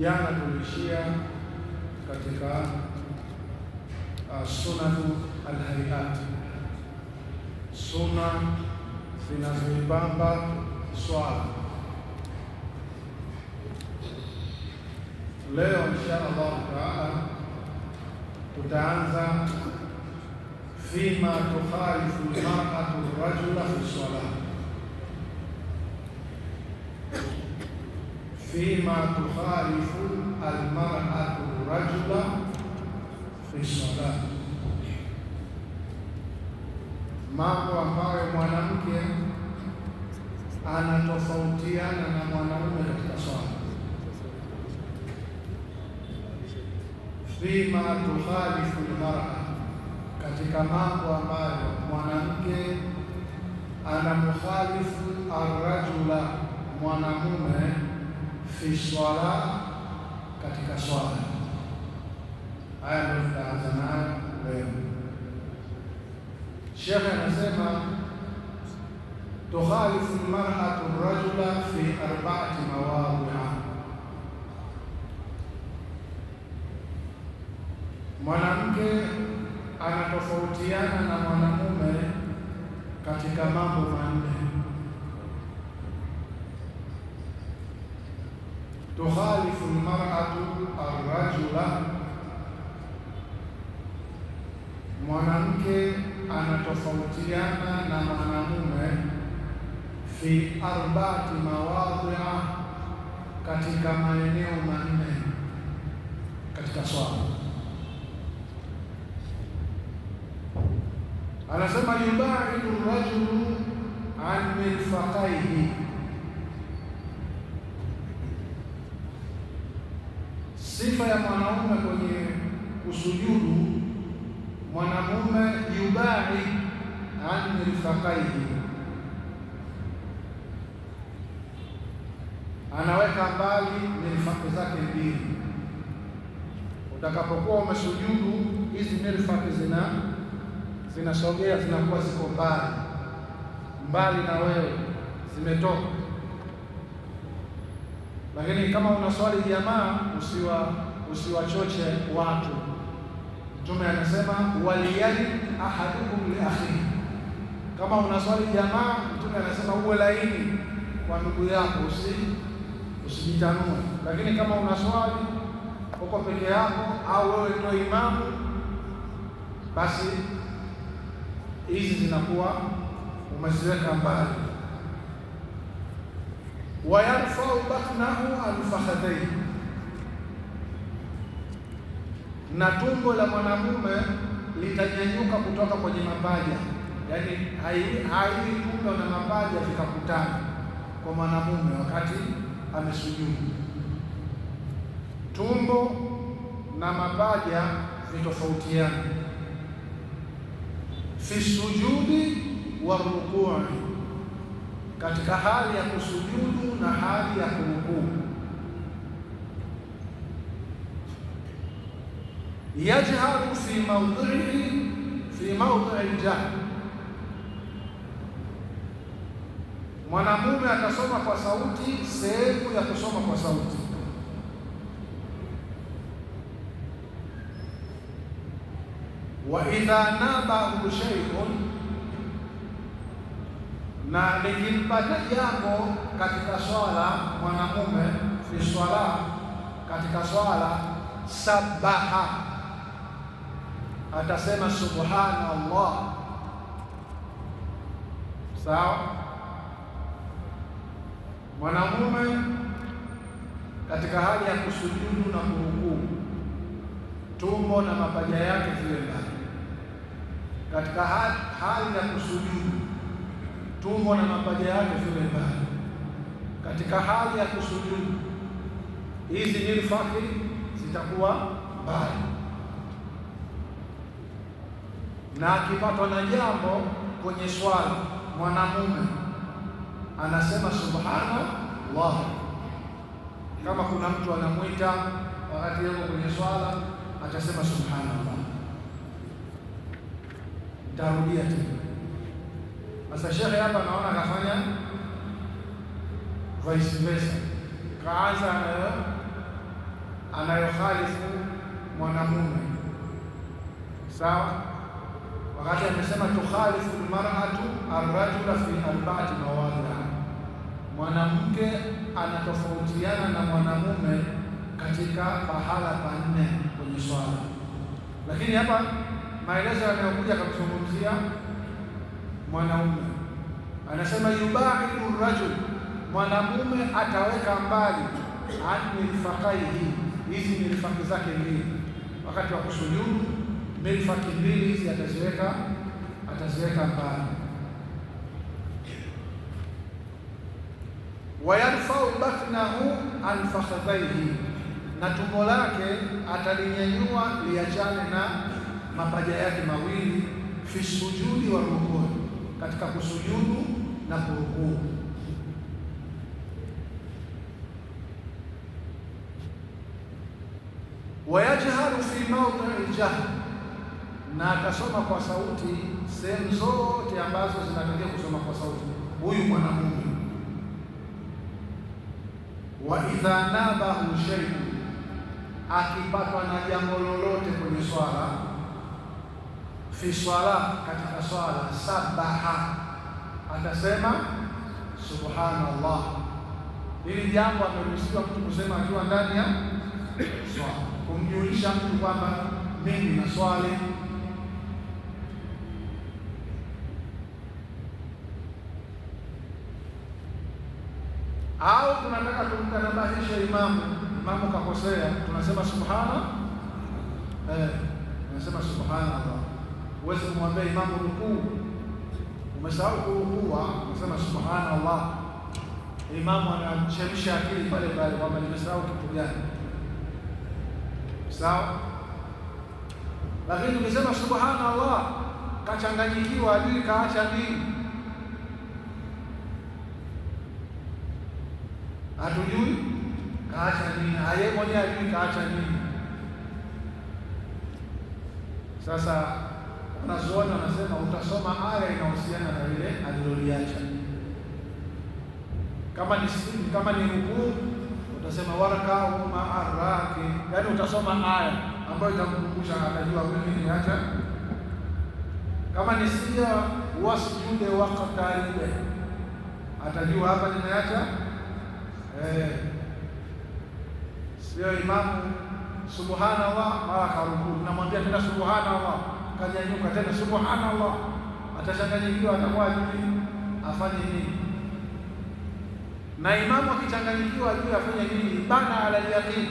Jana tuliishia katika uh, sunanu alhariat, suna zinazoipamba swala. Leo insha allahu taala tutaanza fima tukhalifu lmaratu rajula fi lsalah fima tukhalifu almaratu rajula fi salah, mambo ambayo mwanamke anatofautiana na mwanaume katika swala. Fima tukhalifu almar'a, katika mambo ambayo mwanamke anamukhalifu arrajula, mwanamume fi swala, katika swala. Haya ndio tutaanza nayo leo. Shekhe anasema tukhalifu lmaratu rajula fi arbaati mawadhia, mwanamke anatofautiana na mwanamume katika mambo manne. tukhalifu almar'atu arrajula, mwanamke anatofautiana na mwanamume fi arba'ati mawadhi'a, katika maeneo manne katika swala. Anasema yubaidu rajulu an mirfaqaihi sifa ya mwanaume kwenye kusujudu, mwanamume yubai an mirfaqaihi, anaweka mbali mirfaqi zake mbili. Utakapokuwa umesujudu, hizi mirifaki zina zinasogea, zinakuwa ziko mbali mbali na wewe, zimetoka lakini kama unaswali jamaa, usiwa usiwachoche watu. Mtume anasema waliyali ahadukum li akhihi, kama unaswali jamaa, Mtume anasema uwe laini kwa ndugu yako, usi usijitanue. Lakini kama unaswali uko peke yako au wewe ndio imamu, basi hizi zinakuwa umeziweka mbali wayarfau batnahu alfakhadhain, na tumbo la mwanamume litanyanyuka kutoka kwenye mapaja, yaani haili tumbo na mapaja vikakutana kwa mwanamume wakati amesujudu. Tumbo na mapaja vitofautiana fi sujudi wa rukui katika hali ya kusujudu na hali ya kurukuu. Yajharu fi mawdhihi fi mawdhi jah, mwanamume atasoma kwa sauti sehemu ya kusoma kwa sauti. Wa idha nabahu shay'un na likimpata jambo katika swala mwanamume fi swala, katika swala sabaha, atasema subhanallah. Sawa, mwanamume katika hali ya kusujudu na kurukuu, tumbo na mapaja yake viwe ndani, katika hali ya kusujudu tumbo na mapaja yake viwe mbali katika hali ya kusujudu. Hizi nilfaki zitakuwa mbali, na akipatwa na jambo kwenye swala mwanamume anasema subhanallah. Kama kuna mtu anamwita wakati yuko kwenye swala, atasema subhanallah. Nitarudia tena sasa shehe hapa naona akafanya vice versa, kaanza anayohalifu mwanamume sawa, wakati amesema tukhalifu lmaratu arrajula fi arbati mawadha, mwanamke anatofautiana na mwanamume katika pahala panne kwenye swala, lakini hapa maelezo yanayokuja akakuzungumzia mwanaume. Anasema yubaidu rajul, mwanamume ataweka mbali an mirfaqaihi, hizi mirfaqi zake mbili wakati wa kusujudu. Mirfaqi mbili hizi ataziweka ataziweka mbali. Wayanfau batnahu an fakhadhaihi, na tumbo lake atalinyanyua liachane na mapaja yake mawili, fi sujudi wa rukuu katika kusujudu na kurukuu. Wayajharu fi mawdii ljahri, na akasoma kwa sauti sehemu zote ambazo zinatakiwa kusoma kwa sauti huyu mwanamume. Wa idha nabahu shay'un, akipatwa na jambo lolote kwenye swala fi swala, katika swala sabaha, atasema subhanallah. Hili jambo ameruhusiwa mtu kusema akiwa ndani ya swala, kumjulisha mtu kwamba mimi na swali au tunataka kumtanabahisha imamu, imamu kakosea, tunasema subhana eh, tunasema subhanallah uweze kumwambia imamu rukuu, umesahau kurukua, unasema subhanallah. Imamu anachemsha akili pale pale kwamba nimesahau kitu gani, sawa. Lakini ukisema subhanallah, kachanganyikiwa adili, kaacha dini. Hatujui kaacha dini, aye mwenyewe ajui kaacha dini. Sasa wanazuoni wanasema utasoma aya inahusiana na ile aliloliacha. Kama ni kama ni rukuu utasema warakau maaraki, yaani utasoma aya ambayo itakukumbusha atajua mimi niacha. Kama ni sija wasjude waqtaribe, atajua hapa nimeacha eh, sio imamu subhanallah mara karukuu, namwambia tena subhanallah kanyanyuka tena, subhanallah, atachanganyikiwa, atakuwa ajui afanye nini. Na imamu akichanganyikiwa, ajui afanye nini. Bana ala yaqini,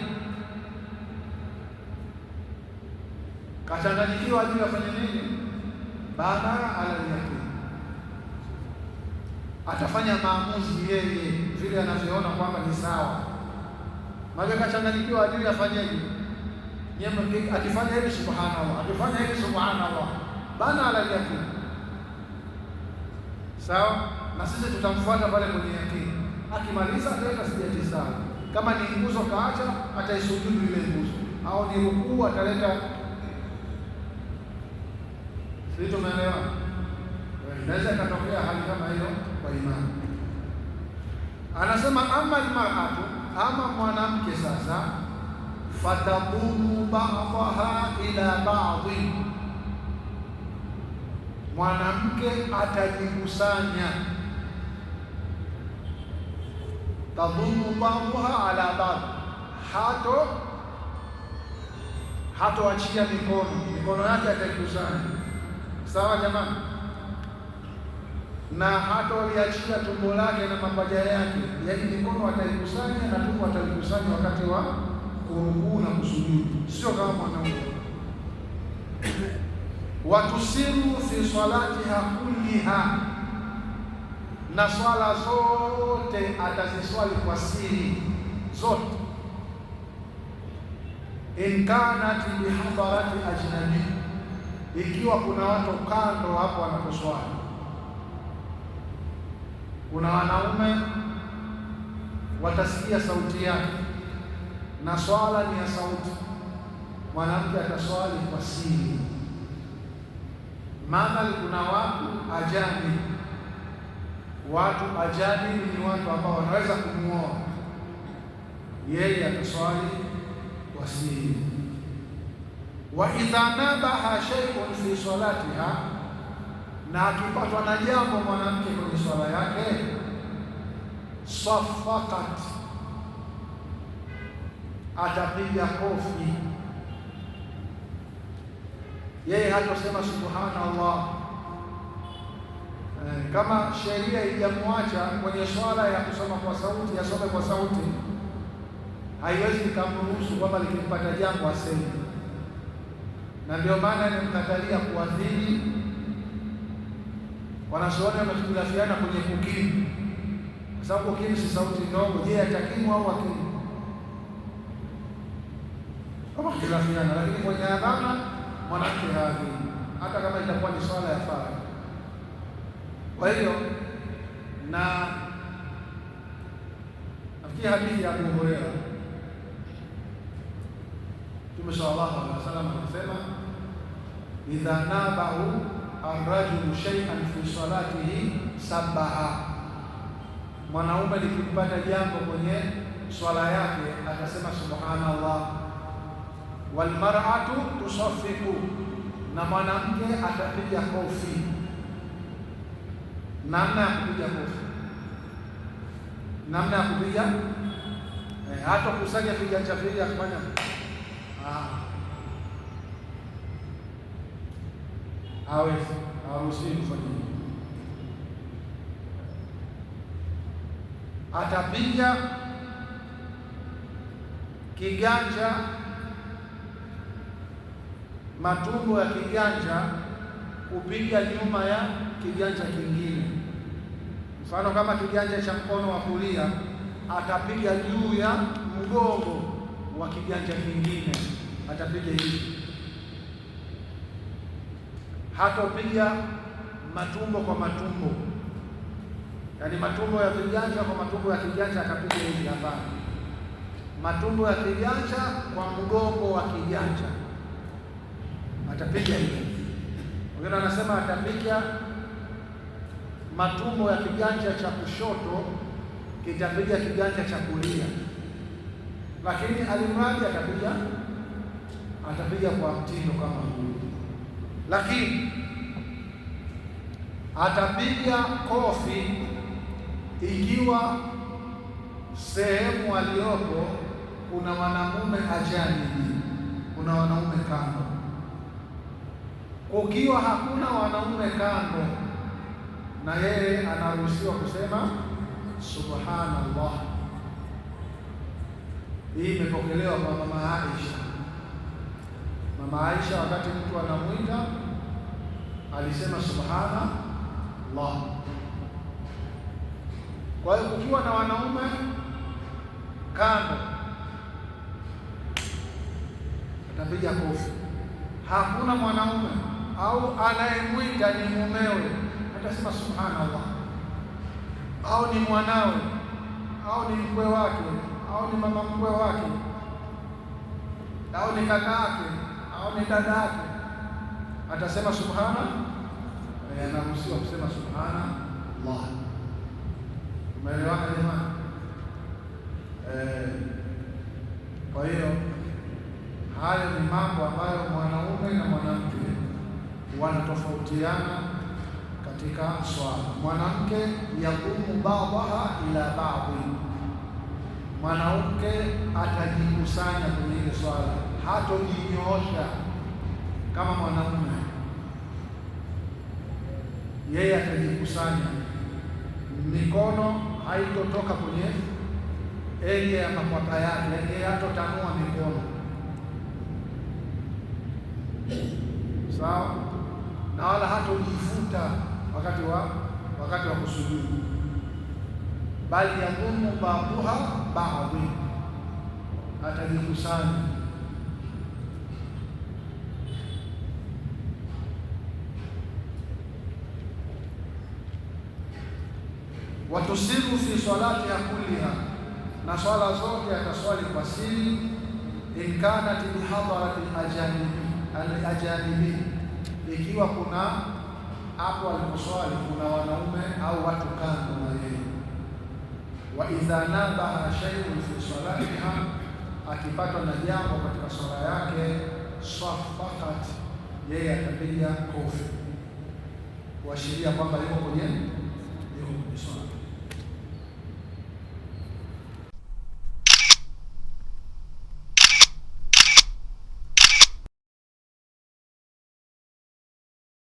kachanganyikiwa, ajui afanye nini. Bana ala yaqini, atafanya maamuzi yeye vile anavyoona kwamba ni sawa. Maana kachanganyikiwa, ajui nini akifanya hili subhanallah, akifanya hili subhanallah, bana ala yakini. Sawa na sisi tutamfuata pale kwenye yakini. Akimaliza ataweka sijati sana, kama ni nguzo kaacha, ataisujudu ile nguzo, au ni rukuu ataleta. Sisi tumeelewa, inaweza ikatokea hali kama hiyo kwa imani. Anasema ama almar'atu, ama mwanamke sasa fataduru ba'daha ila badi mwanamke atajikusanya. Taduru ba'daha ala ba'd, hato hatoachia mikono, mikono yake ataikusanya. Sawa jamani, na hatoliachia tumbo lake na mapaja yake, yaani mikono ataikusanya na tumbo atalikusanya wakati wa kurukuu na kusujudu, sio kama mwanaume. Watusiru fi salatiha kulliha, na swala zote ataziswali kwa siri zote. In kanat bihadarati ajnabi, ikiwa kuna watu kando hapo wanaposwali, kuna wanaume watasikia sauti yake na swala ni ya sauti. Mwanamke ataswali kwa siri, maana kuna watu ajabi. Watu ajabi ni watu ambao wanaweza kumwoa yeye, ataswali kwa siri. Wa idha nabaha shay'un fi salatiha, na akipatwa na jambo mwanamke kwenye swala yake safakat atapiga kofi, yeye hatosema subhanallah. E, kama sheria ijamwacha kwenye swala ya kusoma kwa sauti, asome kwa sauti, haiwezi ikamruhusu kwamba likimpata jambo aseme, na ndio maana nimkatalia kuadhini. wanasoona wamekhtalafiana kwenye kukimu, kwa sababu kukimu si sauti ndogo. Je, atakimu au akimu? kama kutazamiana, lakini kwenye adhana mwanamke haadhini, hata kama itakuwa ni swala ya fara. Kwa hiyo na nafikiri hadithi ya Abu Huraira, Mtume sallallahu alaihi wasallam akasema idha nabau arrajulu shay'an fi salatihi sabaha, mwanaume likimpata jambo kwenye swala yake atasema subhanallah walmar'atu tusafiku, na mwanamke atapiga kofi. Namna ya kupiga kofi, namna ya kupiga eh, hata kusanya viganja vile akifanya ah. hawezi, haruhusiwi kufanya atapiga kiganja matundu ya kiganja kupiga nyuma ya kiganja kingine. Mfano, kama kiganja cha mkono wa kulia atapiga juu ya mgongo wa kiganja kingine, atapiga hivi, hatopiga matumbo kwa matumbo, yaani matumbo ya kiganja kwa matumbo ya kiganja akapiga hivi. Hapana, matumbo ya kiganja kwa mgongo wa kiganja atapiga hivi, wengine wanasema atapiga matumbo ya kiganja cha kushoto kitapiga kiganja cha kulia, lakini alimradi atapiga atapiga kwa mtindo kama huu, lakini atapiga kofi ikiwa sehemu aliyopo kuna wanaume ajani, kuna wanaume kando ukiwa hakuna wanaume kando, na yeye anaruhusiwa kusema subhanallah. Hii imepokelewa kwa mama Aisha. Mama Aisha, wakati mtu anamwita alisema subhanallah. Kwa hiyo kukiwa na wanaume kando, atapiga kofi. Hakuna mwanaume au anayemwita ni mumewe, atasema subhanallah, au ni mwanawe, au ni mkwe wake, au ni mama mkwe wake, au ni kaka yake, au ni dada yake, atasema subhana. Eh, anaruhusiwa kusema Allah. Umeelewana jamani? Eh, kwa hiyo hayo ni mambo ambayo mwanaume na mwanamke wanatofautiana katika swala. Mwanamke yakumu badaha ila badi, mwanamke atajikusanya kwenye ile swala, hatojinyoosha kama mwanamume. Yeye atajikusanya, mikono haitotoka kwenye eye ya makwapa yake, yaani hatotanua mikono, sawa na wala hata ujifuta wakati wa wakati wa kusujudu, bali yakumu ba'dhuha ba'dhi, atajikusana watusiru fi salati ya kuliha, na swala zote ataswali kwa siri, in kanat min hadarati al-ajanibi ikiwa kuna hapo aliposwali kuna wanaume au watu kando na yeye. Wa idha nabaha shay'un fi salatiha, akipatwa na jambo katika swala yake safakat, yeye atapiga kofi kuashiria kwamba yuko kwenye yuko kwenye swala